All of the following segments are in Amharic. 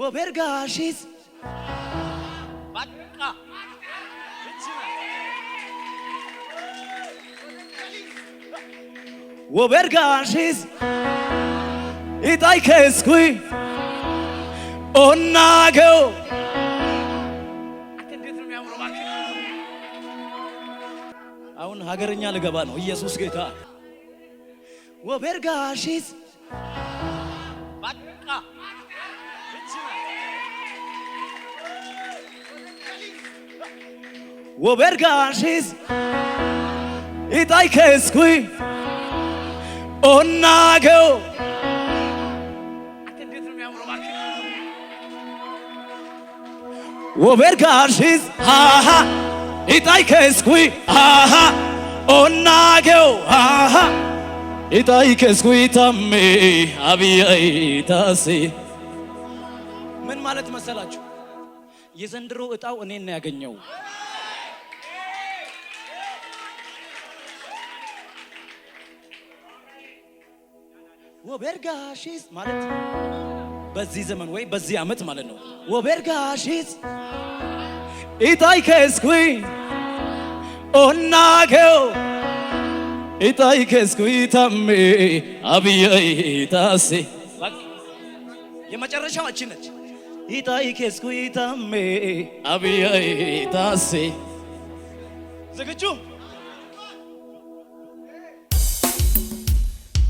ወበርጋሽዝ በቃ ወበርጋሽዝ ኢጣይከስኩ ኦናገው አሁን ሀገርኛ ልገባ ነው። ኢየሱስ ጌታ ወበርጋሽዝ በቃ Wobergaashis itaykeeskui onnaageው wobergaashis haha itaykeeskui haha onnaageው haha itaykeeskui tamme abiyay ታሴ ምን ማለት መሰላችሁ የዘንድሮ ዕጣው እኔን ነው ያገኘው። ወበርጋሺስ ማለት በዚህ ዘመን ወይ በዚህ ዓመት ማለት ነው። ኢታይ ከስኩይ ኦናገው ኢታይ ከስኩይ ታሜ አብየይ ታሴ የመጨረሻው አቺ ነች። ኢታይ ከስኩይ ታሜ አብየይ ታሴ ዝግጁ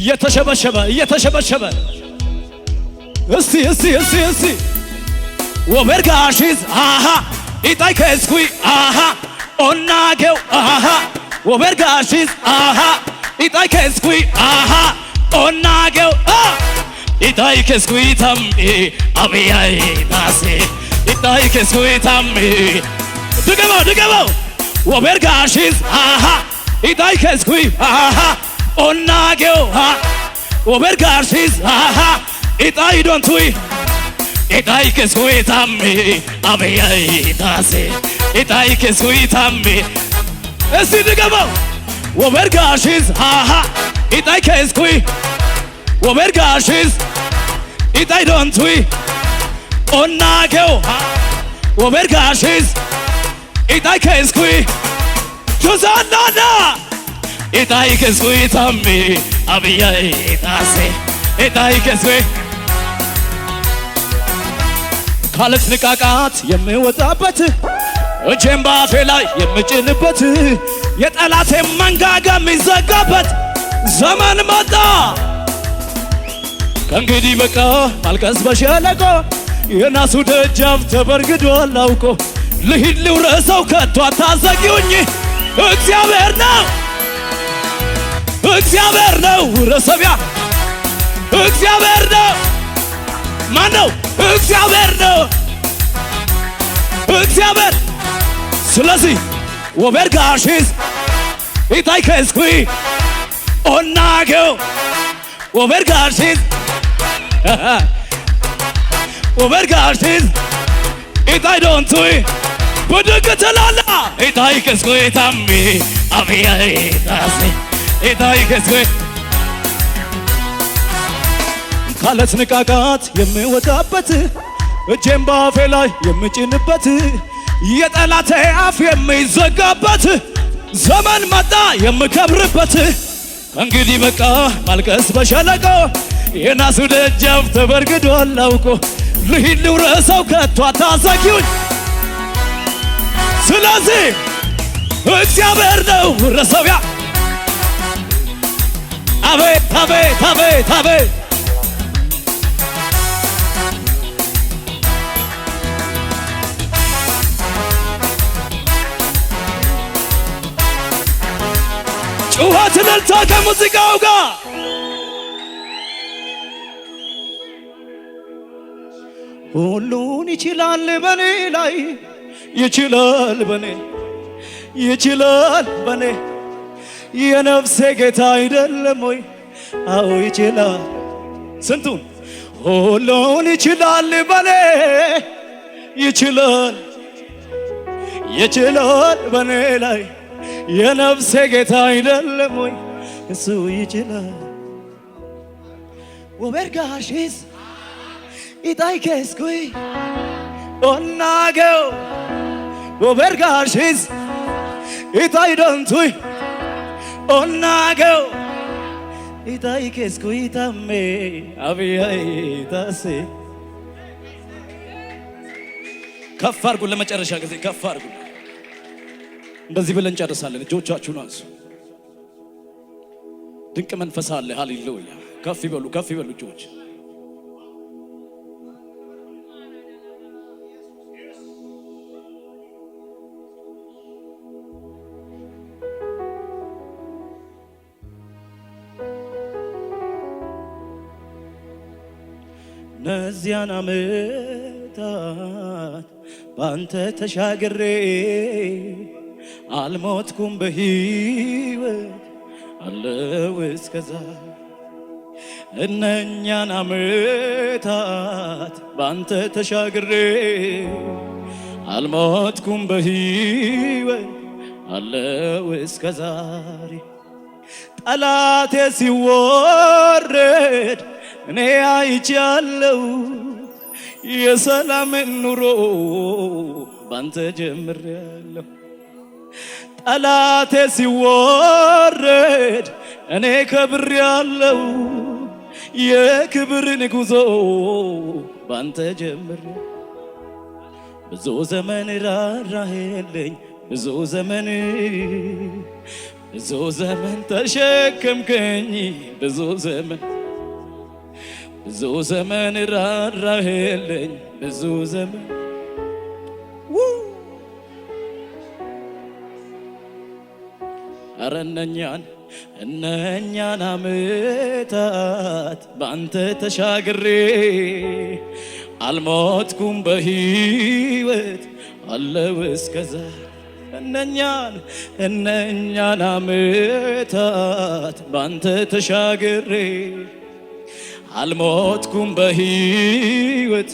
እየተሸበሸበ እየተሸበሸበ እስቲ እስቲ እስቲ እስቲ ወመርጋሺዝ አሃ ከስኩይ አሃ ኦናጌው አሃ ወመርጋሺዝ አሃ ከስኩይ አሃ ኦናጌው ከስኩይ ታምቢ አብያይ ታሴ ከስኩይ ታምቢ ድገመው ድገመው ወመርጋሺዝ አሃ ከስኩይ አሃ onnageo obergaarsis ixaa idontuy ixaykisuitammi abiyayitaase ixaykisuitammi እስቲ ድገመው ወበርጋሽዝ ሃሃ ኢጣይ ከስኩይ ወበርጋሽዝ ኢጣይ ዶንቱይ ኦናጌው ወበርጋሽዝ ኢጣይ ከስኩይ ቹዛናና Itai che sguitammi, avia itase, itai che sgui ካለጥንቃቃት የምወጣበት እጄን ባፌ ላይ የምጭንበት የጠላቴ መንጋጋ የሚዘጋበት ዘመን መጣ። ከእንግዲህ በቃ ማልቀስ በሸለቆ የናሱ ደጃፍ ተበርግዶ አላውቆ ልሂድ ልውረሰው ከቶ አታዘጊውኝ እግዚአብሔር ነው። እግዚአብሔር ነው ረሰቢያ እግዚአብሔር ነው ማን ነው? እግዚአብሔር ነው እግዚአብሔር። ስለዚህ ወበርጋሽዝ ኢታይከስኩ ኦናጌው ወበርጋሽዝ ወበርጋሽዝ ኢታይ ዶንቱ ብድግ ትላላ ኢታይከስኩ ታሚ አብያ ታሴ ኤታይ ገዝቤ ካለት ንቃቃት የምወጣበት እጄም በአፌ ላይ የምጭንበት የጠላቴ አፍ የሚዘጋበት ዘመን መጣ የምከብርበት ከእንግዲህ በቃ ማልቀስ በሸለቆ የናሱ ደጃፍ ተበርግዷል አውቆ ልሂድ ልውረሰው ከቷ ታዛጊውን ስለዚህ እግዚአብሔር ነው ረሰቢያ አቤት አቤት አቤት አቤት ጩኸት እልልታ ከሙዚቃው ጋር ሁሉን ይችላል በኔ ላይ ይችላል በኔ ይችላል በኔ የነፍሴ ጌታ አይደለም ወይ? አዎ ይችላል። ስንቱን ሁሉን ይችላል በኔ ይችላል ይችላል በኔ ላይ የነፍሴ ጌታ አይደለም ወይ? እሱ ይችላል ወበርጋሽስ ኢታይከስኩይ ኦናገው ወበርጋሽስ ኢታይ ደንቱይ onnaageo itaaikeesku itame ከፍ ለመጨረሻ ጊዜ ከፍ አድርጉን። እንደዚህ ብለን እንጨርሳለን። እጆቻችሁን አንሱ። ድንቅ መንፈስ አለ። ሃሌሉያ! ከፍ ይበሉ፣ ከፍ ይበሉ እጆች እነዚያን ዓመታት ባንተ ተሻግሬ አልሞትኩም በሕይወት አለው እስከዛ እነኛን ዓመታት ባንተ ተሻግሬ አልሞትኩም በሕይወት አለው እስከ ጠላቴ ሲወረድ እኔ አይቻለው የሰላምን ኑሮ ባንተ ያለው ጠላቴ ሲወረድ እኔ ከብር ያለው የክብርን ጉዞ ባንተ ጀምር ብዙ ዘመን ራራህልኝ ብዙ ዘመን ብዙ ዘመን ተሸከምከኝ ብዙ ዘመን ብዙ ዘመን ራራህልኝ ብዙ ዘመን አረ እነኛን እነኛን አመታት በአንተ ተሻግሬ አልሞትኩም በህይወት አለው እስከዛ እነኛን እነኛን አመታት በአንተ ተሻግሬ አልሞትኩም በሕይወት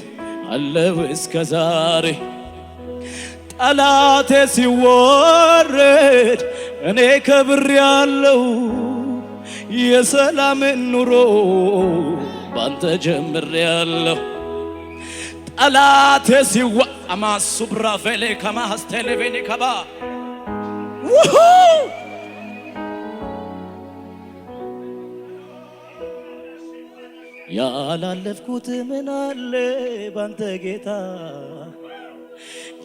አለው እስከ ዛሬ ጠላቴ ሲወረድ እኔ ከብር ያለው የሰላምን ኑሮ ባንተ ጀምር ያለው ጠላቴ ሲዋ አማሱብራቬሌ ከማስተሌቬኒ ከባ ያላለፍኩት ምናለ ባንተ ጌታ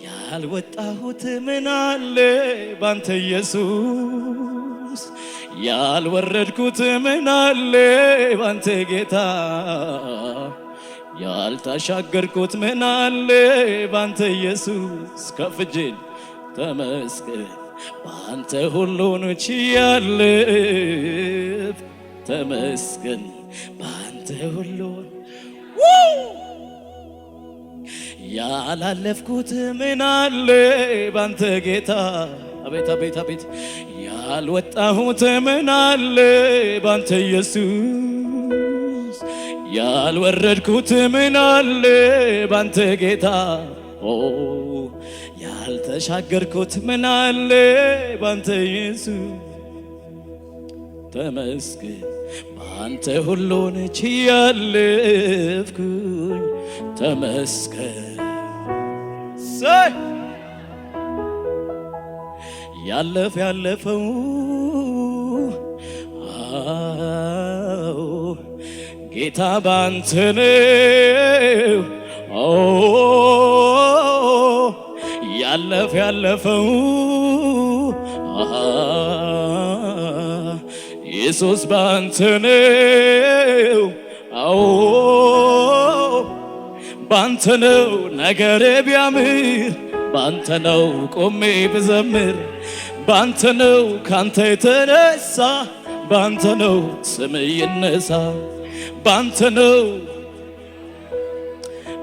ያልወጣሁት ባንተ ኢየሱስ ያልወረድኩት ምናለ ባንተ ጌታ ያልተሻገርኩት ምናለ ባንተ ኢየሱስ ተመስገን ባንተ ሁሉን ተመስገን በአንተ ሁሉን ያላለፍኩት ምን አለ ባንተ ጌታ አቤት አቤት አቤት ያልወጣሁት ምን አለ ባንተ ኢየሱስ ያልወረድኩት ምን አለ ባንተ ጌታ ያልተሻገርኩት ምን አለ ባንተ ኢየሱስ ተመስገን በአንተ ሁሉን ችያለፍኩኝ ተመስገን ሰይ ያለፍ ያለፈው አዎ ጌታ ባንተ ነው ያለፍ ያለፈው ኢየሱስ ባንተ ነው፣ አዎ ባንተ ነው ነገሬ ቢያምር፣ ባንተ ነው ቆሜ ብዘምር፣ ባንተ ነው ካንተ የተነሳ፣ ባንተ ነው ስም ይነሳ፣ ባንተ ነው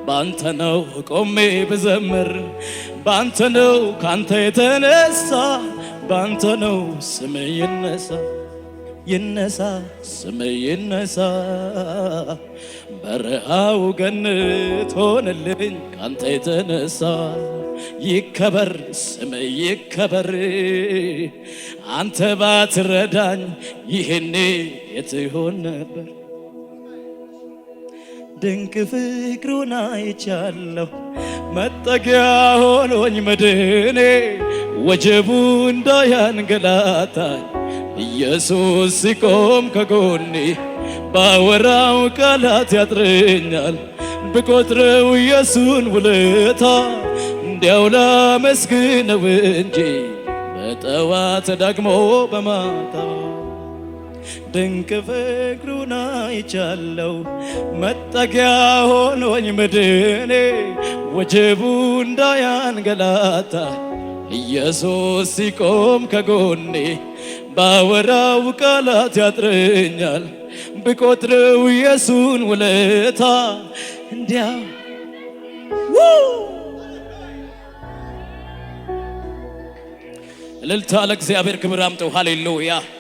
ባንተ ነው ቆሜ ብዘምር፣ ባንተ ነው ካንተ የተነሳ፣ ባንተ ነው ስም ይነሳ ይነሳ ስም ይነሳ በረሃው ገነት ሆነልኝ ካንተ የተነሳ ይከበር ስም ይከበር አንተ ባትረዳኝ ይህኔ የትሆን ነበር ድንቅ ፍቅሩን አይቻለሁ መጠጊያ ሆኖኝ መድኔ ወጀቡ እንዳያንገላታኝ ኢየሱስ ሲቆም ከጎኔ ባወራው ቃላት ያጥረኛል ብቆጥረው ኢየሱን ውለታ እንዲያው ላመስግነው እንጂ በጠዋት ደግሞ በማታ ድንቅ ፍቅሩን አይቻለው መጠጊያ ሆኖኝ ምድኔ ወጀቡ እንዳያንገላታ ኢየሱስ ሲቆም ከጎኔ ባወራው ቃላት ያጥረኛል ብቆጥረው ኢየሱን ውለታ እንዲያ እልልታ ለእግዚአብሔር ክብር አምጠው ሃሌሉያ